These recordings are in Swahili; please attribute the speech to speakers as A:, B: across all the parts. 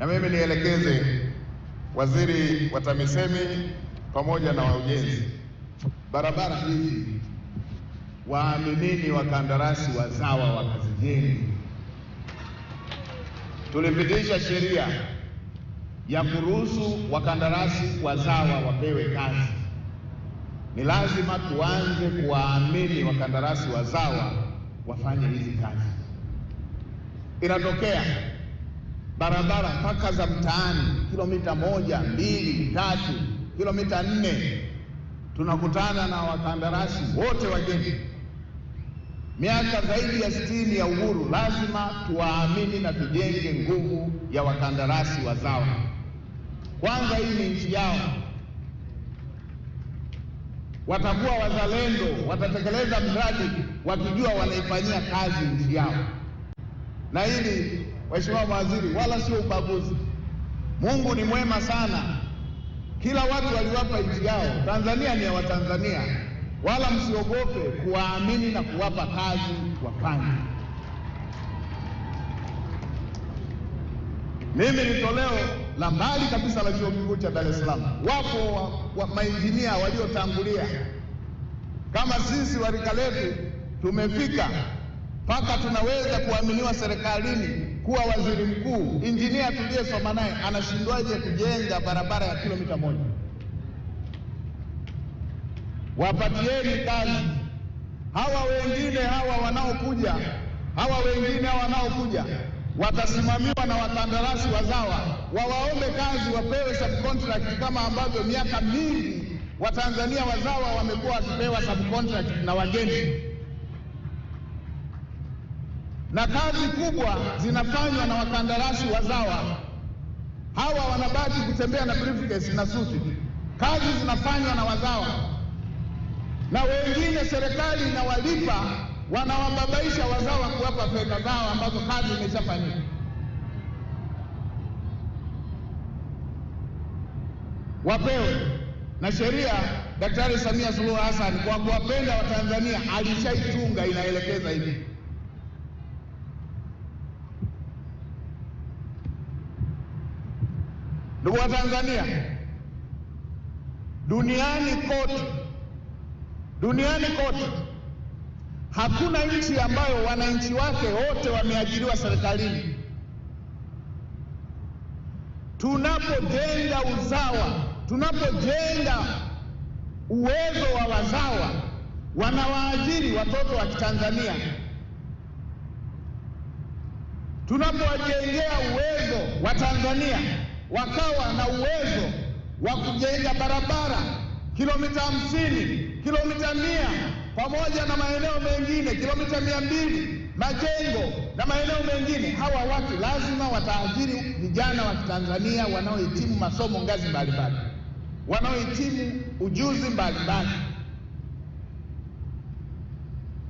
A: Na mimi nielekeze waziri wa TAMISEMI pamoja na wa ujenzi, barabara hizi waaminini wakandarasi wazawa wakazijenge. Tulipitisha sheria ya kuruhusu wakandarasi wazawa wapewe kazi. Ni lazima tuanze kuwaamini wakandarasi wazawa wafanye hizi kazi. Inatokea barabara mpaka za mtaani, kilomita moja, mbili, tatu, kilomita nne, tunakutana na wakandarasi wote wageni. Miaka zaidi ya sitini ya uhuru, lazima tuwaamini na tujenge nguvu ya wakandarasi wazawa. Kwanza, hii ni nchi yao, watakuwa wazalendo, watatekeleza mradi wakijua wanaifanyia kazi nchi yao, na hili Waheshimiwa mawaziri, wala sio ubaguzi. Mungu ni mwema sana, kila watu waliwapa nchi yao. Tanzania ni ya Watanzania, wala msiogope kuwaamini na kuwapa kazi wafanye. Mimi ni toleo la mbali kabisa la chuo kikuu cha Dar es Salaam. Wapo wa, wa, mainjinia waliotangulia kama sisi warika letu tumefika mpaka tunaweza kuaminiwa serikalini kuwa waziri mkuu injinia tuliyesoma naye anashindwaje kujenga barabara ya kilomita moja? Wapatieni kazi hawa wengine, hawa wanaokuja, hawa wengine hawa wanaokuja watasimamiwa na wakandarasi wazawa, wawaombe kazi, wapewe subcontract kama ambavyo miaka mingi Watanzania wazawa wamekuwa wakipewa subcontract na wageni na kazi kubwa zinafanywa na wakandarasi wazawa. Hawa wanabaki kutembea na briefcase na suti. Kazi zinafanywa na wazawa, na wengine serikali inawalipa, wanawababaisha wazawa kuwapa fedha zao ambazo kazi imeshafanyika. Wapewe na sheria. Daktari Samia Suluhu Hassan kwa kuwapenda Watanzania alishaitunga, inaelekeza hivi Ndugu wa Tanzania, duniani kote, duniani kote hakuna nchi ambayo wananchi wake wote wameajiriwa serikalini. Tunapojenga uzawa, tunapojenga uwezo wa wazawa, wanawaajiri watoto wa Kitanzania, tunapowajengea uwezo wa Tanzania wakawa na uwezo wa kujenga barabara kilomita hamsini, kilomita mia pamoja na maeneo mengine kilomita mia mbili majengo na maeneo mengine. Hawa watu lazima wataajiri vijana wa Kitanzania wanaohitimu masomo ngazi mbalimbali, wanaohitimu ujuzi mbalimbali,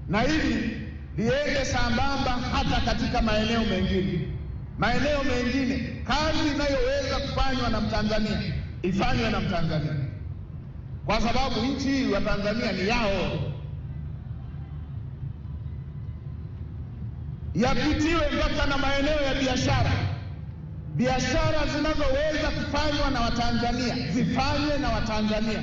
A: na hili liende sambamba hata katika maeneo mengine maeneo mengine, kazi inayoweza kufanywa na Mtanzania ifanywe na Mtanzania, kwa sababu nchi hii ya Tanzania ni yao. Yapitiwe mpaka na maeneo ya biashara. Biashara zinazoweza kufanywa na Watanzania zifanywe na Watanzania.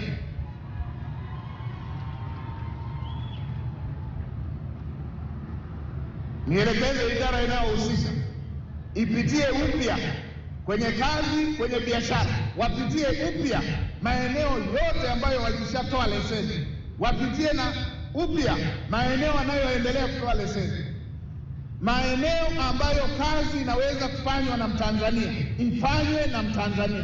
A: Nielekeze idara inayohusika ipitie upya kwenye kazi, kwenye biashara, wapitie upya maeneo yote ambayo walishatoa leseni, wapitie na upya maeneo yanayoendelea kutoa leseni, maeneo ambayo kazi inaweza kufanywa na Mtanzania ifanywe na Mtanzania,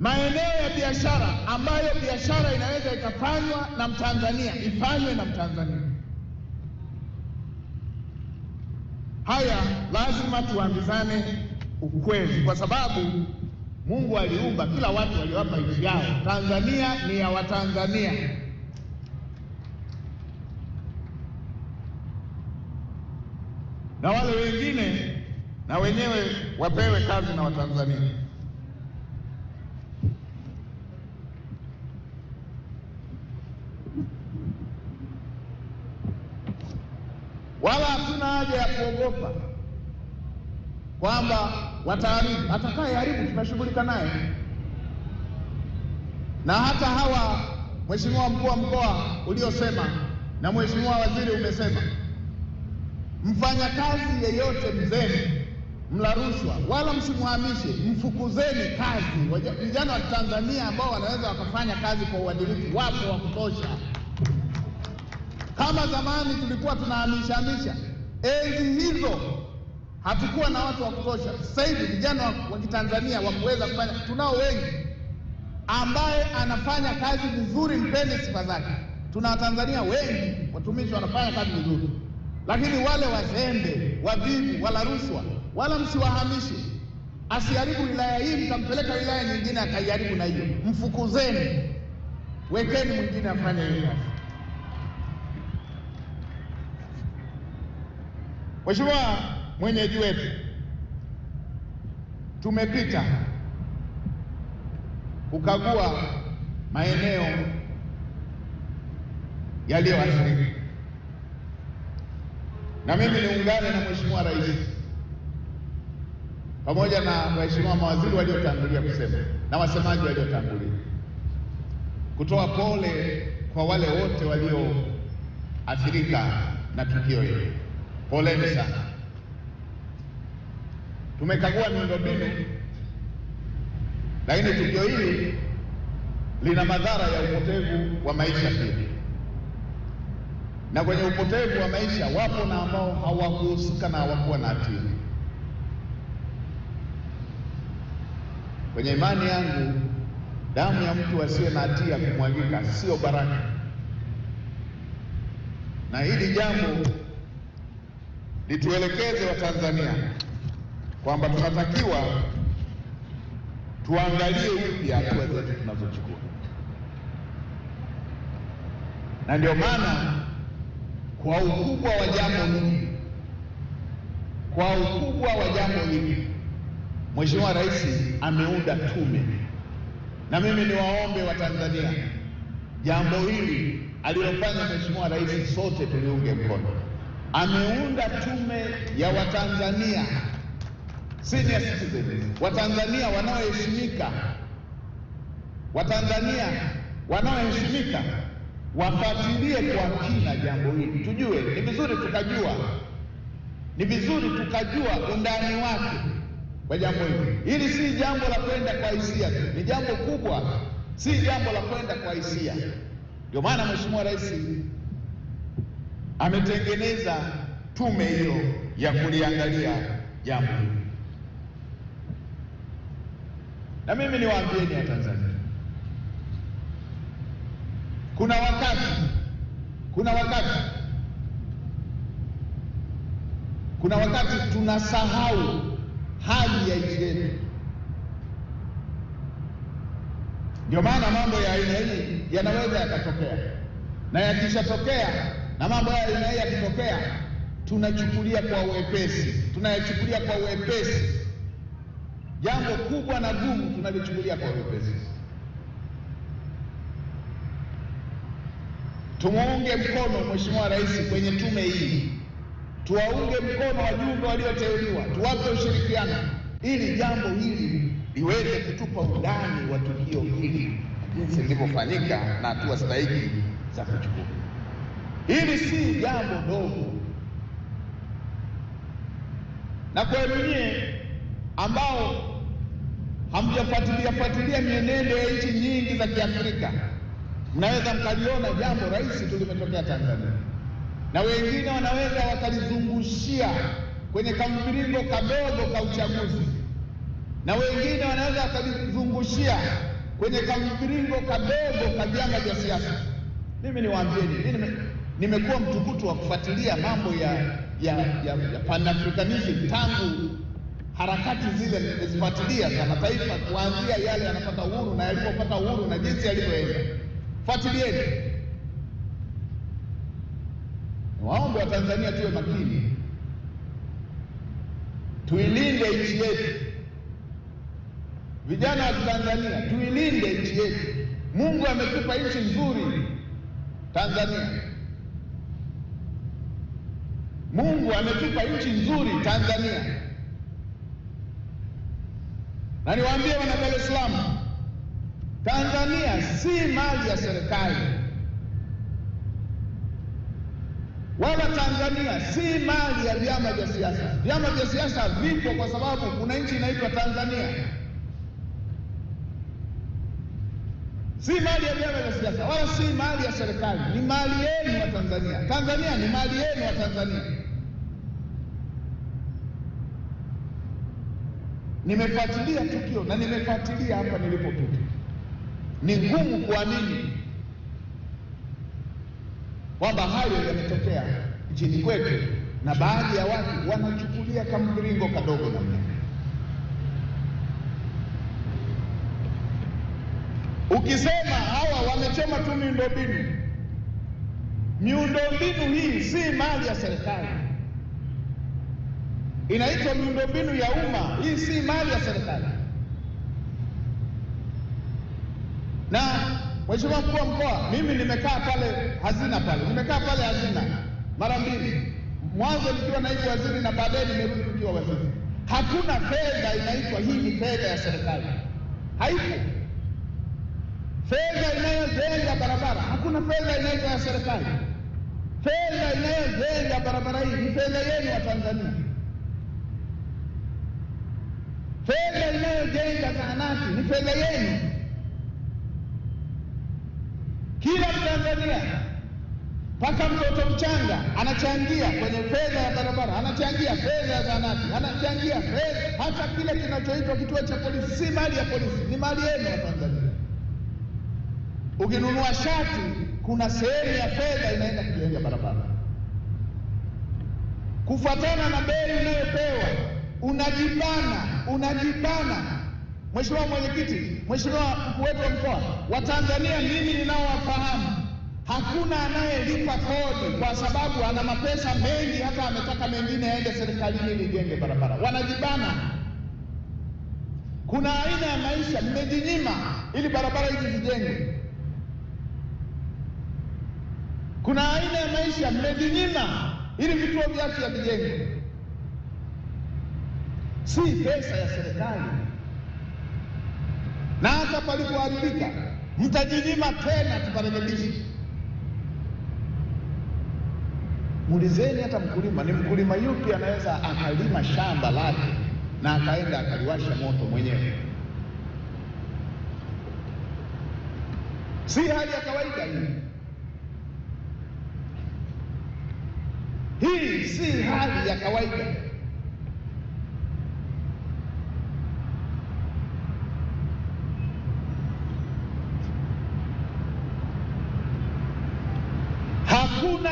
A: maeneo ya biashara ambayo biashara inaweza ikafanywa na Mtanzania ifanywe na Mtanzania. Haya lazima tuambizane ukweli, kwa sababu Mungu aliumba kila watu waliowapa nchi yao. Tanzania ni ya Watanzania. na wale wengine na wenyewe wapewe kazi na Watanzania. wala hatuna haja ya kuogopa kwamba wataharibu. Atakaye haribu tunashughulika naye, na hata hawa Mheshimiwa mkuu wa mkoa uliosema na Mheshimiwa waziri umesema, mfanyakazi yeyote mzee mla rushwa wala msimhamishe, mfukuzeni kazi. Vijana wa Tanzania ambao wanaweza wakafanya kazi kwa uadilifu wapo wa kutosha. Kama zamani tulikuwa tunahamishahamisha, enzi hizo hatukuwa na watu wa kutosha. Sasa hivi vijana wa Kitanzania wa kuweza kufanya tunao wengi. Ambaye anafanya kazi vizuri, mpende sifa zake. Tuna Watanzania wengi watumishi wanafanya kazi vizuri, lakini wale wazembe, wavivu, wala rushwa, wala msiwahamishe. Asiharibu wilaya hii, mtampeleka wilaya nyingine akaiharibu na hiyo, mfukuzeni, wekeni mwingine afanye hiyo kazi. Mheshimiwa mwenyeji wetu, tumepita kukagua maeneo yaliyoathirika, na mimi niungane na Mheshimiwa Rais pamoja na waheshimiwa mawaziri waliotangulia kusema na wasemaji waliotangulia kutoa pole kwa wale wote walioathirika na tukio hili poleni sana. Tumekagua miundombinu, lakini tukio hili lina madhara ya upotevu wa maisha pia, na kwenye upotevu wa maisha wapo na ambao hawakuhusika na hawakuwa na hatia. Kwenye imani yangu, damu ya mtu asiye na hatia kumwagika sio baraka, na hili jambo tuelekeze Watanzania kwamba tunatakiwa tuangalie upya hatua zetu tunazochukua, na ndio maana kwa ukubwa wa jambo hili, kwa ukubwa wa jambo hili Mheshimiwa Rais ameunda tume, na mimi niwaombe Watanzania, jambo hili alilofanya Mheshimiwa Rais sote tuliunge mkono ameunda tume ya Watanzania senior citizens, Watanzania wanaoheshimika, Watanzania wanaoheshimika wafuatilie kwa kina jambo hili, tujue. Ni vizuri tukajua, ni vizuri tukajua undani wake kwa jambo hili. Hili si jambo la kwenda kwa hisia tu, ni jambo kubwa, si jambo la kwenda kwa hisia. Ndio maana Mheshimiwa Rais ametengeneza tume hiyo ya kuliangalia jambo hili. Na mimi niwaambieni ya Tanzania, kuna wakati kuna wakati kuna wakati tunasahau hali ya nchi yetu. Ndio maana mambo ya aina hii yanaweza yakatokea, na yakishatokea na mambo haya aina hii yakitokea, tunachukulia kwa uwepesi, tunayachukulia kwa uwepesi. Jambo kubwa na gumu tunalichukulia kwa uwepesi. Tumuunge mkono Mheshimiwa Rais kwenye tume hii, tuwaunge mkono wajumbe walioteuliwa, tuwape ushirikiano ili jambo hili liweze kutupa undani wa tukio hili jinsi lilivyofanyika na hatua stahiki za kuchukua. Hili si jambo dogo, na kwa nyinyi ambao hamjafuatilia fuatilia mienendo ya nchi nyingi za Kiafrika, mnaweza mkaliona jambo rahisi tu limetokea Tanzania, na wengine wanaweza wakalizungushia kwenye kamviringo kadogo ka uchaguzi, na wengine wanaweza wakalizungushia kwenye kamviringo kadogo ka vyama vya siasa. Mimi niwaambieni nimekuwa mtukutu wa kufuatilia mambo ya, ya, ya, ya panafrikanism tangu harakati zile nimezifuatilia za mataifa kuanzia yale yanapata uhuru na yalipopata uhuru na jinsi yalivyoenda. Fuatilieni. Waombe wa Tanzania tuwe makini, tuilinde nchi yetu. Vijana wa Tanzania, tuilinde nchi yetu. Mungu ametupa nchi nzuri Tanzania. Mungu ametupa nchi nzuri Tanzania, na niwaambie wana Dar es Salaam, Tanzania si mali ya serikali wala Tanzania si mali ya vyama vya siasa. Vyama vya siasa vipo kwa sababu kuna nchi inaitwa Tanzania. Si mali ya vyama vya siasa wala si mali ya serikali, ni mali yenu wa Tanzania. Tanzania ni mali yenu wa Tanzania. Nimefuatilia tukio na nimefuatilia hapa nilipopita. Ni ngumu kuamini kwamba hayo yametokea nchini kwetu, na baadhi ya watu wanachukulia kama mviringo kadogo namna. Ukisema hawa wamechoma tu miundombinu, miundombinu hii si mali ya serikali inaitwa miundombinu ya umma. Hii si mali ya serikali. Na mheshimiwa mkuu wa mkoa, mimi nimekaa pale hazina pale, nimekaa pale hazina mara mbili, mwanzo nikiwa naibu waziri na baadaye nimerudi nikiwa waziri. Hakuna fedha inaitwa hii ni fedha ya serikali, haipo fedha inayojenga barabara. Hakuna fedha inaitwa ya serikali. Fedha inayojenga barabara hii ni fedha yenu wa Tanzania. Fedha inayojenga zahanati ni fedha yenu. Kila Mtanzania mpaka mtoto mchanga anachangia kwenye fedha ya barabara, anachangia fedha ya zahanati, anachangia fedha hata kile kinachoitwa kituo cha polisi. Si mali ya polisi, ni mali yenu ya Tanzania. Ukinunua shati, kuna sehemu ya fedha inaenda kujenga barabara kufuatana na bei unayopewa unajibana, unajibana. Mheshimiwa Mwenyekiti, Mheshimiwa mkuu wetu wa mkoa, Watanzania mimi ninaowafahamu, hakuna anayelipa kodi kwa sababu ana mapesa mengi, hata ametaka mengine aende serikalini ili jenge barabara. Wanajibana. Kuna aina ya maisha mmejinyima ili barabara hizi zijenge. Kuna aina ya maisha mmejinyima ili vituo vya afya vijenge si pesa ya serikali. Na hata palipoharibika mtajinyima tena, tutarekebisha. Muulizeni hata mkulima, ni mkulima yupi anaweza akalima shamba lake na akaenda akaliwasha moto mwenyewe? Si hali ya kawaida hii. Hii si hali ya kawaida.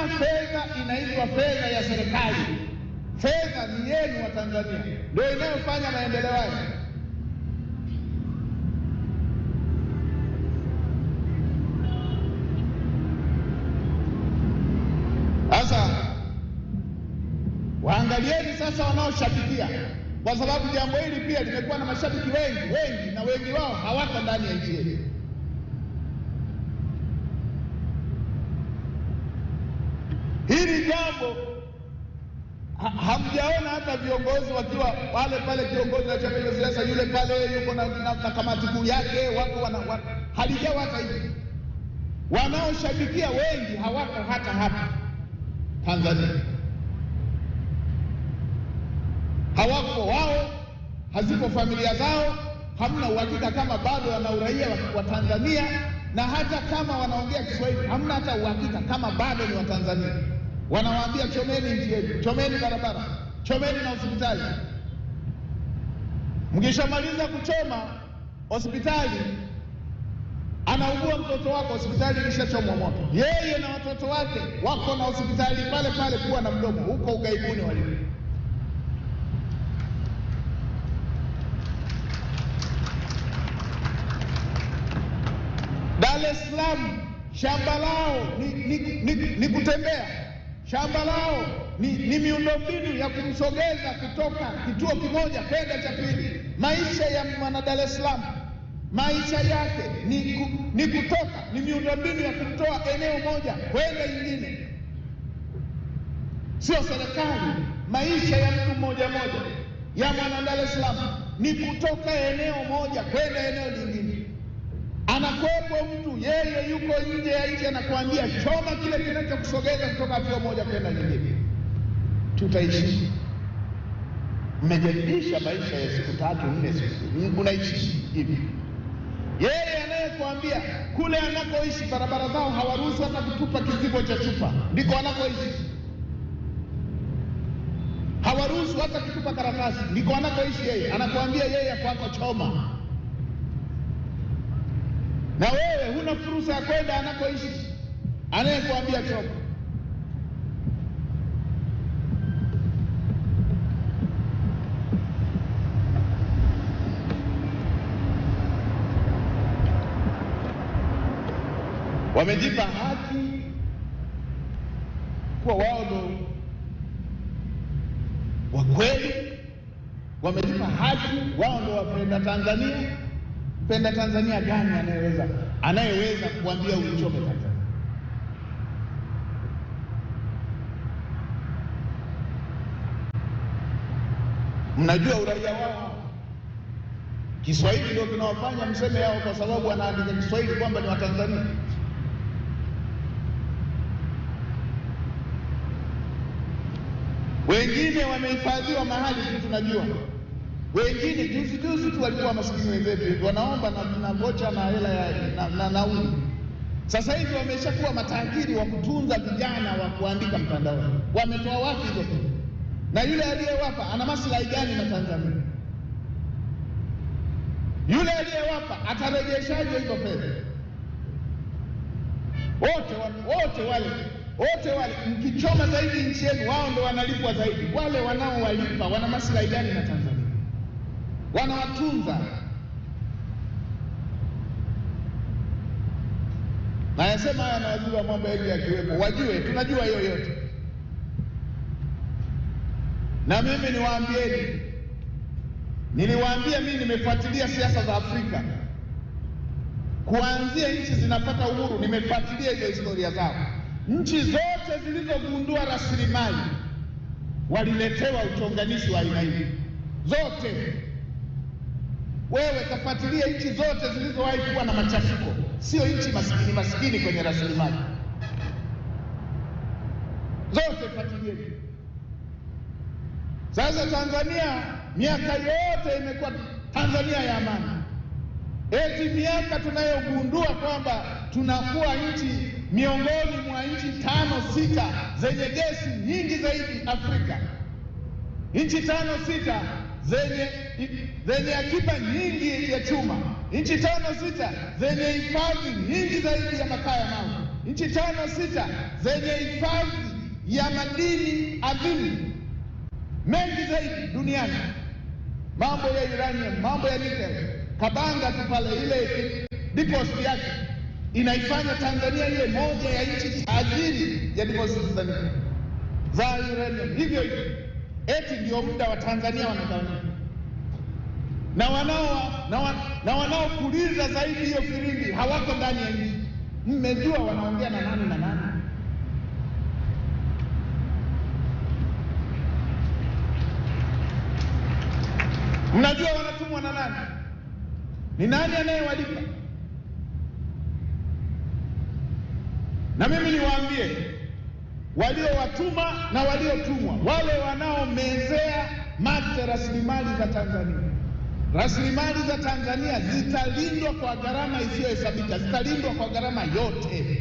A: fedha inaitwa fedha ya serikali, fedha ni yenu wa Tanzania, ndio inayofanya maendeleo haya. Sasa waangalieni sasa wanaoshabikia, kwa sababu jambo hili pia limekuwa na mashabiki wengi wengi, na wengi wao hawako ndani ya nchi yetu. hamjaona hata viongozi wakiwa pale pale, kiongozi wa chama cha siasa yule pale yuko na, na, na kamati kuu yake, wako wana, wana, halijawa hata hivi. Wanaoshabikia wengi hawako hata hapa Tanzania, hawako wao, hazipo familia zao, hamna uhakika kama bado wana uraia wa Tanzania, na hata kama wanaongea Kiswahili hamna hata uhakika kama bado ni Watanzania wanawaambia chomeni nchi yetu, chomeni barabara, chomeni na hospitali. Mkishamaliza kuchoma hospitali, anaugua mtoto wako, hospitali ilishachomwa moto, yeye na watoto wake wako na hospitali pale pale, kuwa na mdomo huko ugaibuni walipo. Dar es Salaam shamba lao ni, ni, ni, ni kutembea shamba lao ni, ni miundombinu ya kumsogeza kutoka kituo kimoja kwenda cha pili. Maisha ya mwana Dar es Salaam, maisha yake ni, ni kutoka ni miundombinu ya kutoa eneo moja kwenda nyingine, sio serikali. Maisha ya mtu mmoja moja ya mwana Dar es Salaam ni kutoka eneo moja kwenda eneo lingine anakwepo mtu yeye yuko nje ya nchi, anakuambia choma kile kinachokusogeza kutoka hatua moja kwenda nyingine. Tutaishi mmejadilisha maisha ya siku tatu nne, siku unaishi hivi. Yeye anayekuambia kule anakoishi barabara zao hawaruhusu hata kutupa kizibo cha chupa, ndiko anakoishi. Hawaruhusu hata kutupa karatasi, ndiko anakoishi yeye. Anakuambia yeye kwako choma na wewe huna fursa ya kwenda anakoishi anayekuambia choko Wamejipa haki kuwa wao ndo wa kweli, wamejipa haki wao ndo wapenda Tanzania mpenda Tanzania gani anayeweza anayeweza kuambia ulichoke Tanzania? Mnajua uraia wao Kiswahili ndio kinawafanya mseme yao, kwa sababu wanaandika Kiswahili kwamba ni Watanzania. Wengine wamehifadhiwa mahali, si tunajua wengine juzi juzi tu walikuwa maskini wenzetu wanaomba na vocha na hela ya na, na nauli. Sasa hivi wameshakuwa matajiri wa kutunza vijana wa kuandika mtandao. Wametoa wapi hizo pesa? Na yule aliyewapa ana maslahi gani na Tanzania? Yule aliyewapa atarejeshaje hizo pesa? Wote wote wale wote wale, mkichoma zaidi nchi yenu, wao ndo wanalipwa zaidi. Wale wanaowalipa wana maslahi gani na Tanzania? wanawatunza. Nayasema haya na mambo ya yakiwepo, wajue tunajua hiyo yote, na mimi niwaambieni, niliwaambia mimi nimefuatilia siasa za Afrika kuanzia nchi zinapata uhuru, nimefuatilia hizo historia zao. Nchi zote zilizogundua rasilimali waliletewa uchonganishi wa aina hii zote. Wewe kafuatilia nchi zote zilizowahi kuwa na machafuko, sio nchi maskini maskini kwenye rasilimali zote, fuatilie Sasa Tanzania miaka yote imekuwa Tanzania ya amani. Eti miaka tunayogundua kwamba tunakuwa nchi miongoni mwa nchi tano sita zenye gesi nyingi zaidi Afrika, nchi tano sita zenye zenye akiba nyingi ya chuma, nchi tano sita zenye hifadhi nyingi zaidi ya makaa ya mawe, nchi tano sita zenye hifadhi ya madini adhimu mengi zaidi duniani. Mambo ya uranium, mambo ya nickel, Kabanga tu pale ile deposit yake inaifanya Tanzania ile moja ya nchi tajiri ya deposit za uranium, hivyo hivyo eti ndio muda wa Tanzania wanagawanyika na wanao na, wa, na wanaopuliza zaidi hiyo filimbi hawako ndani ya nchi. Mmejua wanaongea na nani na nani? Mnajua wanatumwa na nani? Ni nani anayewalipa? Na mimi niwaambie waliowatuma na waliotumwa, wale wanaomezea mate rasilimali za Tanzania. Rasilimali za Tanzania zitalindwa kwa gharama isiyohesabika, zitalindwa kwa gharama yote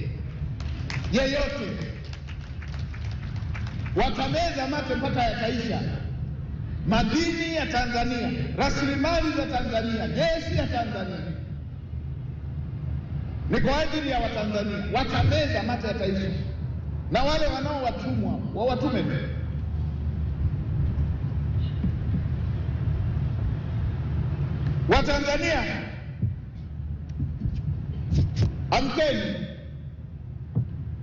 A: yeyote. Watameza mate mpaka yataisha. Madini ya Tanzania, rasilimali za Tanzania, gesi ya Tanzania ni kwa ajili ya Watanzania. Watameza mate yataisha na wale wanaowatumwa wawatume tu. Watanzania, amkeni!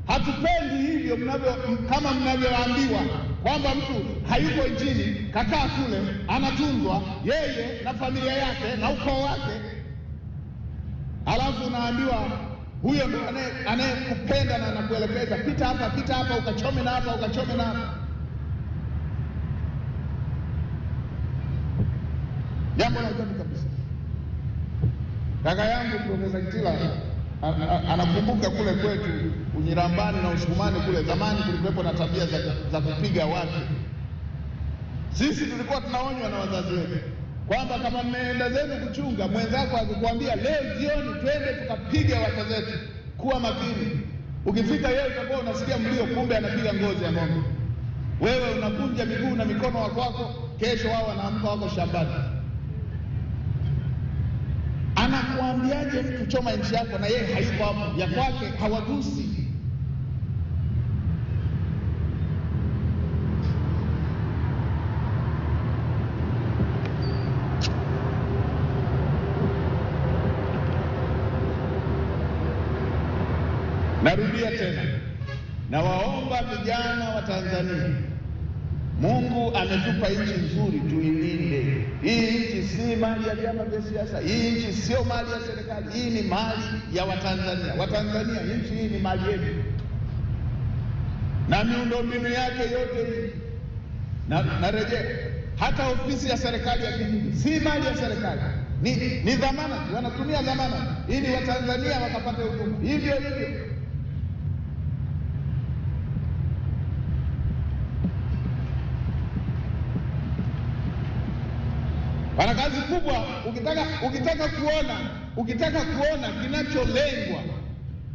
A: Hatupendi hivyo mnavyo, kama mnavyoambiwa kwamba mtu hayuko nchini, kakaa kule, anatunzwa yeye na familia yake na ukoo wake, alafu unaambiwa huyo ndo anayekupenda na anakuelekeza pita hapa, pita hapa, ukachome na hapa, ukachome na hapa. Jambo la ajabu kabisa. Kaka yangu Profesa Kitila anakumbuka kule kwetu Unyirambani na Usukumani kule zamani, kulikuwepo na tabia za, za kupiga watu. Sisi tulikuwa tunaonywa na wazazi wetu kwamba kama mmeenda zenu kuchunga, mwenzako akikwambia leo jioni twende tukapiga wata zetu, kuwa makini. Ukifika yeye utakuwa unasikia mlio, kumbe anapiga ngozi ya ng'ombe, wewe unakunja miguu na mikono wako wako, kesho wao wanaamka wako shambani. Anakuambiaje mtu choma nchi yako na yeye hayuko hapo, ya kwake hawagusi. Narudia tena, nawaomba vijana wa Tanzania, Mungu ametupa nchi nzuri, tuilinde hii nchi. Si mali ya vyama vya siasa, hii nchi sio mali ya serikali, hii ni mali ya Watanzania. Watanzania, nchi hii ni mali yetu na miundombinu yake yote na, narejea hata ofisi ya serikali ya kijiji si mali ya serikali, ni, ni dhamana, wanatumia dhamana ili Watanzania wakapate huduma hivyo hivyo Pana kazi kubwa. Ukitaka ukitaka kuona ukitaka kuona kinacholengwa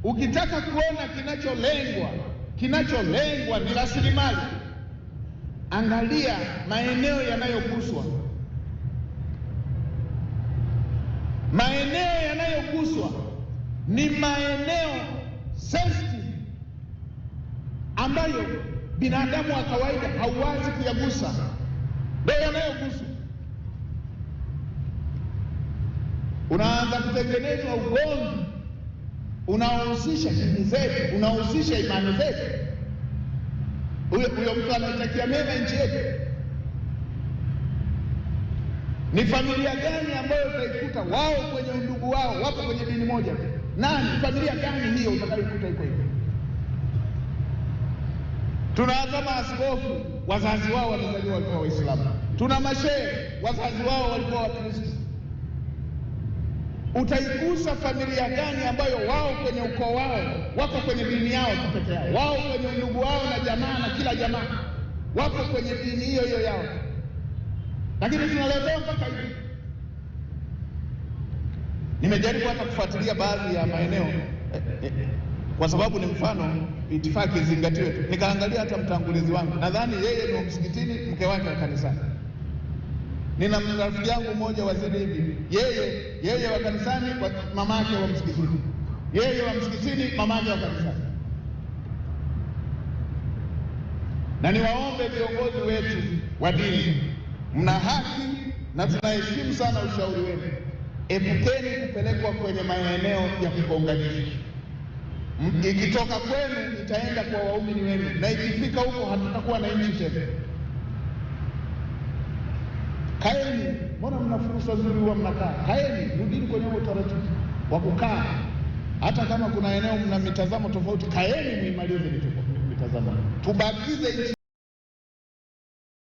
A: ukitaka kuona kinacholengwa kinacholengwa ni rasilimali. Angalia maeneo yanayoguswa, maeneo yanayoguswa ni maeneo sensitive ambayo binadamu wa kawaida hauwezi kuyagusa, ndio yanayoguswa. unaanza kutengenezwa ugomvi unaohusisha dini zetu, unaohusisha imani zetu. Huyo huyo mtu anaitakia mema nchi yetu, ni familia gani ambayo utaikuta wao kwenye undugu wao wapo kwenye dini moja? Nani? Familia gani hiyo utakayoikuta iko hivyo? Tunaanza askofu, wazazi wao wamezaliwa walikuwa Waislamu. Tuna mashehe, wazazi wao walikuwa Wakristo Utaigusa familia gani ambayo wao kwenye ukoo wao wako kwenye dini yao tu peke yao, wao kwenye ndugu wao na jamaa na kila jamaa wako kwenye dini hiyo hiyo yao, lakini tunaletewa mpaka hivi. Nimejaribu hata kufuatilia baadhi ya maeneo eh, eh, eh kwa sababu ni mfano itifaki zingatiwe Nikaangalia hata mtangulizi wangu, nadhani yeye ni msikitini, mke wake wa kanisani Nina rafiki yangu mmoja waziri hivi, yeye yeye wa kanisani, mamake wa msikitini, yeye wa msikitini, mamake wa kanisani. Na niwaombe viongozi wetu wa dini, mna haki na tunaheshimu sana ushauri wenu. Epukeni kupelekwa kwenye maeneo ya kugonganisha. Ikitoka kwenu itaenda kwa waumini wenu, na ikifika huko hatutakuwa na nchi tena. Kaeni, mbona mna fursa nzuri, huwa mnakaa. Kaeni, rudini kwenye utaratibu wa kukaa, hata kama kuna eneo mna mitazamo tofauti, kaeni muimalize mitazamo, tubakize